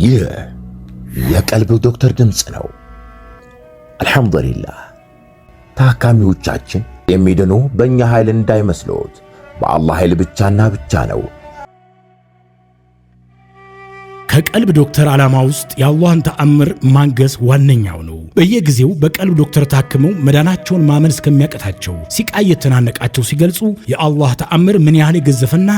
ይህ የቀልብ ዶክተር ድምፅ ነው። አልሐምዱሊላህ ታካሚዎቻችን የሚድኑ በእኛ ኃይል እንዳይመስሎት፣ በአላህ ኃይል ብቻና ብቻ ነው። ከቀልብ ዶክተር ዓላማ ውስጥ የአላህን ተአምር ማንገስ ዋነኛው ነው። በየጊዜው በቀልብ ዶክተር ታክመው መዳናቸውን ማመን እስከሚያቀታቸው ሲቃይ የተናነቃቸው ሲገልጹ የአላህ ተአምር ምን ያህል የገዘፈና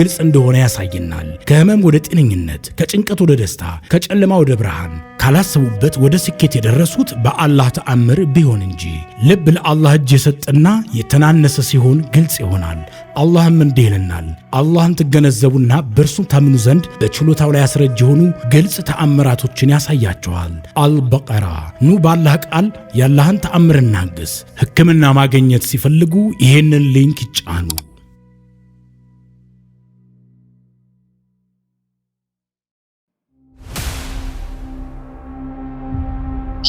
ግልጽ እንደሆነ ያሳየናል። ከህመም ወደ ጤነኝነት፣ ከጭንቀት ወደ ደስታ፣ ከጨለማ ወደ ብርሃን፣ ካላሰቡበት ወደ ስኬት የደረሱት በአላህ ተአምር ቢሆን እንጂ። ልብ ለአላህ እጅ የሰጠና የተናነሰ ሲሆን ግልጽ ይሆናል። አላህም እንዲህ ይለናል። አላህን ትገነዘቡና በእርሱ ታምኑ ዘንድ በችሎታው ላይ ያስረጅ የሆኑ ግልጽ ተአምራቶችን ያሳያቸዋል። አልበቀራ ኑ ባላህ ቃል ያላህን ተአምር እናግስ። ሕክምና ማግኘት ሲፈልጉ ይሄንን ሊንክ ይጫኑ።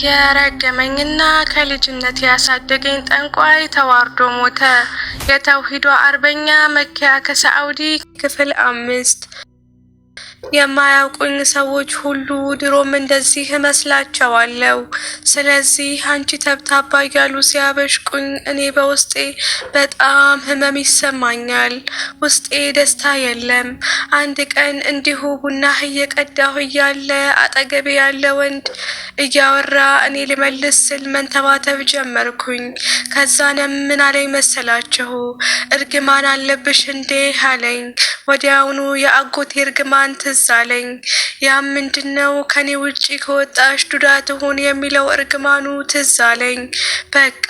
የረገመኝና ከልጅነት ያሳደገኝ ጠንቋይ ተዋርዶ ሞተ። የተውሂዶ አርበኛ መኪያ ከሳዑዲ ክፍል አምስት የማያውቁኝ ሰዎች ሁሉ ድሮም እንደዚህ እመስላቸዋለሁ። ስለዚህ አንቺ ተብታባ እያሉ ሲያበሽቁኝ እኔ በውስጤ በጣም ህመም ይሰማኛል። ውስጤ ደስታ የለም። አንድ ቀን እንዲሁ ቡና እየቀዳሁ እያለ አጠገቤ ያለ ወንድ እያወራ እኔ ልመልስ ስል መንተባተብ ጀመርኩኝ። ከዛንም ምን አለኝ መሰላችሁ? እርግማን አለብሽ እንዴ አለኝ። ወዲያውኑ የአጎቴ እርግማን ትዝ አለኝ። ምንድነው ከኔ ውጪ ከወጣሽ ዱዳ ትሁን የሚለው እርግማኑ ትዝ አለኝ። በቃ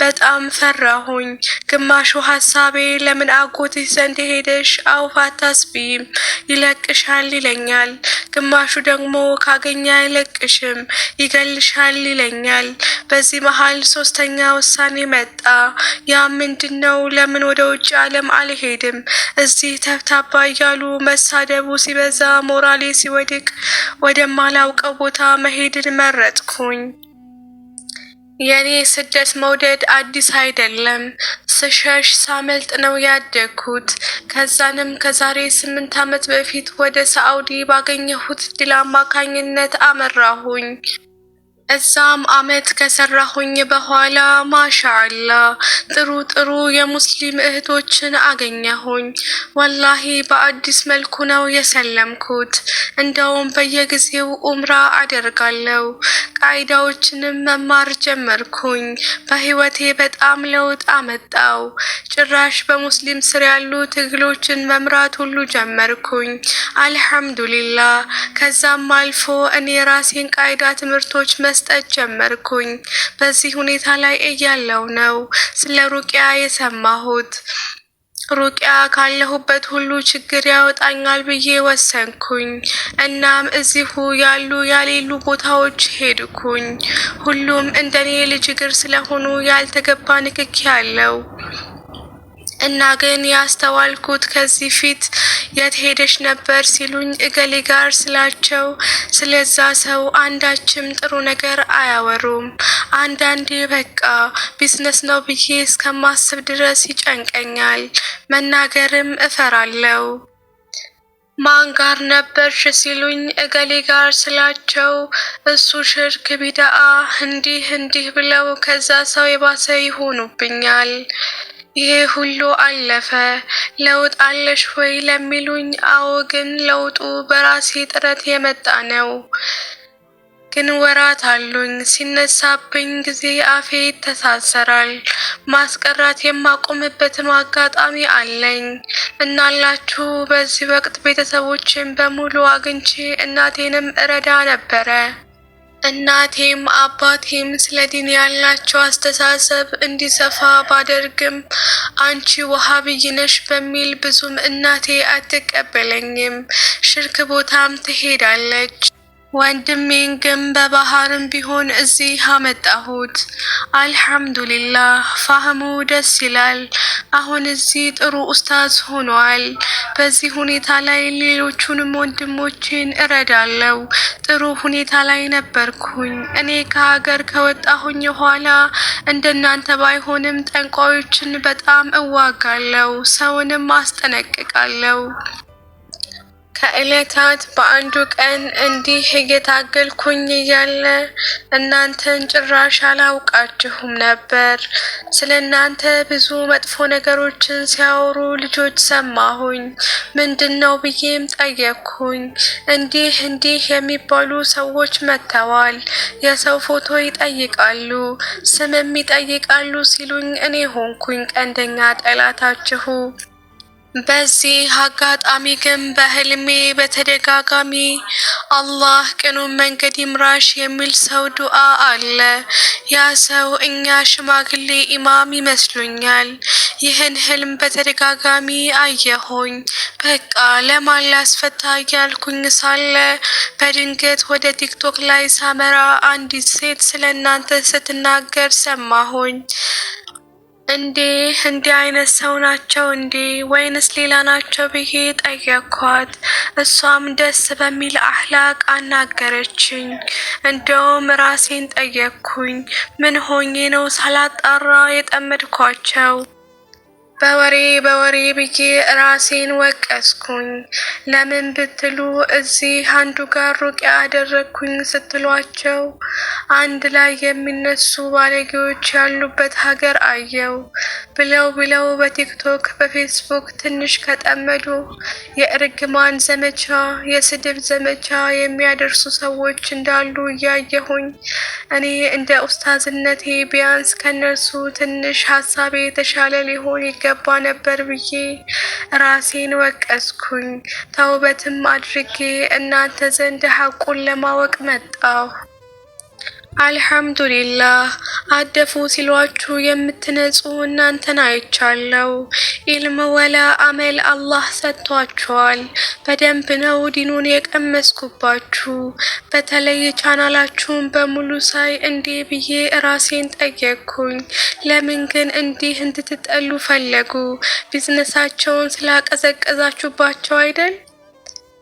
በጣም ፈራሁኝ። ግማሹ ሀሳቤ ለምን አጎትሽ ዘንድ ሄደሽ አውፋ አታስቢም ይለቅሻል ይለኛል። ግማሹ ደግሞ ካገኘ አይለቅሽም ይገልሻል ይለኛል። በዚህ መሀል ሶስተኛ ውሳኔ መጣ። ያ ምንድነው? ለምን ወደ ውጭ ዓለም አልሄድም? እዚህ ተብታባ እያሉ መሳደቡ ሲበዛ ሞራሌ ሲወድቅ ወደማላውቀው ቦታ መሄድን መረጥኩኝ። የኔ ስደት መውደድ አዲስ አይደለም። ስሸሽ ሳመልጥ ነው ያደግኩት። ከዛንም ከዛሬ ስምንት ዓመት በፊት ወደ ሳዑዲ ባገኘሁት ድል አማካኝነት አመራሁኝ። እዛም አመት ከሰራሁኝ በኋላ ማሻአላ ጥሩ ጥሩ የሙስሊም እህቶችን አገኘሁኝ። ወላሂ በአዲስ መልኩ ነው የሰለምኩት። እንደውም በየጊዜው ኡምራ አደርጋለሁ። ቃይዳዎችንም መማር ጀመርኩኝ። በህይወቴ በጣም ለውጥ አመጣው። ጭራሽ በሙስሊም ስር ያሉ ትግሎችን መምራት ሁሉ ጀመርኩኝ። አልሐምዱሊላ ከዛም አልፎ እኔ ራሴን ቃይዳ ትምህርቶች መስጠት ጀመርኩኝ። በዚህ ሁኔታ ላይ እያለው ነው ስለ ሩቅያ የሰማሁት። ሩቅያ ካለሁበት ሁሉ ችግር ያወጣኛል ብዬ ወሰንኩኝ። እናም እዚሁ ያሉ ያሌሉ ቦታዎች ሄድኩኝ። ሁሉም እንደኔ ልጅ እግር ስለሆኑ ያልተገባ ንክኪ አለው። እና ግን ያስተዋልኩት ከዚህ ፊት የት ሄደሽ ነበር ሲሉኝ እገሌ ጋር ስላቸው ስለዛ ሰው አንዳችም ጥሩ ነገር አያወሩም። አንዳንዴ በቃ ቢዝነስ ነው ብዬ እስከማስብ ድረስ ይጨንቀኛል። መናገርም እፈራለው። ማን ጋር ነበርሽ ሲሉኝ እገሌ ጋር ስላቸው እሱ ሽርክ ቢዳአ እንዲህ እንዲህ ብለው ከዛ ሰው የባሰ ይሆኑብኛል። ይሄ ሁሉ አለፈ። ለውጥ አለሽ ወይ ለሚሉኝ፣ አዎ፣ ግን ለውጡ በራሴ ጥረት የመጣ ነው። ግን ወራት አሉኝ። ሲነሳብኝ ጊዜ አፌ ይተሳሰራል። ማስቀራት የማቆምበትም አጋጣሚ አለኝ። እናላችሁ በዚህ ወቅት ቤተሰቦችን በሙሉ አግኝቼ እናቴንም እረዳ ነበረ። እናቴም አባቴም ስለ ዲን ያላቸው አስተሳሰብ እንዲሰፋ ባደርግም አንቺ ወሃብይ ነሽ በሚል ብዙም እናቴ አትቀበለኝም። ሽርክ ቦታም ትሄዳለች። ወንድሜን ግን በባህርም ቢሆን እዚህ አመጣሁት። አልሐምዱሊላህ ፋህሙ ደስ ይላል። አሁን እዚህ ጥሩ ኡስታዝ ሆኗል። በዚህ ሁኔታ ላይ ሌሎቹንም ወንድሞችን እረዳለው። ጥሩ ሁኔታ ላይ ነበርኩኝ። እኔ ከሀገር ከወጣሁኝ ኋላ እንደናንተ ባይሆንም ጠንቋዮችን በጣም እዋጋለው፣ ሰውንም አስጠነቅቃለው። ከእለታት በአንዱ ቀን እንዲህ እየታገልኩኝ እያለ እናንተን ጭራሽ አላውቃችሁም ነበር። ስለ እናንተ ብዙ መጥፎ ነገሮችን ሲያወሩ ልጆች ሰማሁኝ። ምንድን ነው ብዬም ጠየቅኩኝ። እንዲህ እንዲህ የሚባሉ ሰዎች መጥተዋል፣ የሰው ፎቶ ይጠይቃሉ፣ ስምም ይጠይቃሉ ሲሉኝ እኔ ሆንኩኝ ቀንደኛ ጠላታችሁ። በዚህ አጋጣሚ ግን በህልሜ በተደጋጋሚ አላህ ቅኑን መንገድ ይምራሽ የሚል ሰው ዱዓ አለ። ያ ሰው እኛ ሽማግሌ ኢማም ይመስሉኛል። ይህን ህልም በተደጋጋሚ አየሁኝ። በቃ ለማን ላስፈታ እያልኩኝ ሳለ በድንገት ወደ ቲክቶክ ላይ ሳመራ አንዲት ሴት ስለ እናንተ ስትናገር ሰማሁኝ። እንዴ እንዲህ አይነት ሰው ናቸው እንዴ ወይንስ ሌላ ናቸው ብዬ ጠየኳት። እሷም ደስ በሚል አህላቅ አናገረችኝ። እንደውም ራሴን ጠየቅኩኝ፣ ምን ሆኜ ነው ሳላጣራ የጠመድኳቸው? በወሬ በወሬ ብዬ ራሴን ወቀስኩኝ። ለምን ብትሉ እዚህ አንዱ ጋር ሩቅ ያደረግኩኝ ስትሏቸው አንድ ላይ የሚነሱ ባለጌዎች ያሉበት ሀገር አየው ብለው ብለው በቲክቶክ በፌስቡክ ትንሽ ከጠመዱ የእርግማን ዘመቻ፣ የስድብ ዘመቻ የሚያደርሱ ሰዎች እንዳሉ እያየሁኝ እኔ እንደ ኡስታዝነቴ ቢያንስ ከነርሱ ትንሽ ሀሳቤ የተሻለ ሊሆን ይገ ይገባ ነበር ብዬ ራሴን ወቀስኩኝ። ተውበትም አድርጌ እናንተ ዘንድ ሐቁን ለማወቅ መጣሁ። አልሐምዱሊላህ አደፉ ሲሏችሁ የምትነጹ እናንተን አይቻለው። ዒልም ወላ አመል አላህ ሰጥቷችኋል። በደንብ ነው ዲኑን የቀመስኩባችሁ። በተለይ ቻናላችሁን በሙሉ ሳይ እንዴ ብዬ እራሴን ጠየቅኩኝ። ለምን ግን እንዲህ እንድትጠሉ ፈለጉ? ቢዝነሳቸውን ስላቀዘቀዛችሁባቸው አይደል?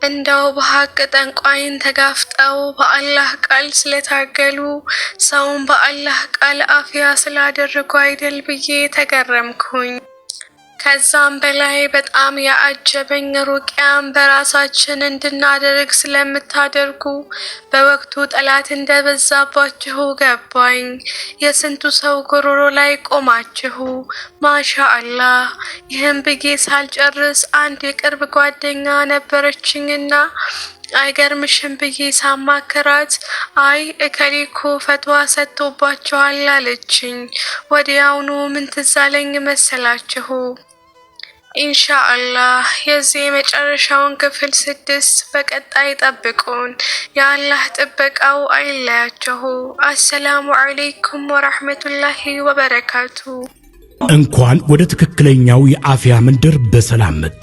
እንዳው በሀቅ ጠንቋይን ተጋፍጠው በአላህ ቃል ስለታገሉ ሰውን በአላህ ቃል አፍያ ስላደረጉ አይደል ብዬ ተገረምኩኝ። ከዛም በላይ በጣም ያአጀበኝ ሩቅያን በራሳችን እንድናደርግ ስለምታደርጉ በወቅቱ ጠላት እንደበዛባችሁ ገባኝ። የስንቱ ሰው ጉሮሮ ላይ ቆማችሁ ማሻ አላህ። ይህን ብዬ ሳልጨርስ አንድ የቅርብ ጓደኛ ነበረችኝና አይገርምሽም ብዬ ሳማከራት አይ እከሌ እኮ ፈትዋ ሰጥቶባቸዋል አለችኝ። ወዲያውኑ ምን ትዝ አለኝ መሰላችሁ? ኢንሻአላህ የዚህ የመጨረሻውን ክፍል ስድስት በቀጣይ ጠብቁን። የአላህ ጥበቃው አይለያችሁ። አሰላሙ አለይኩም ወራህመቱላሂ ወበረካቱ። እንኳን ወደ ትክክለኛው የአፍያ መንደር በሰላም መጡ።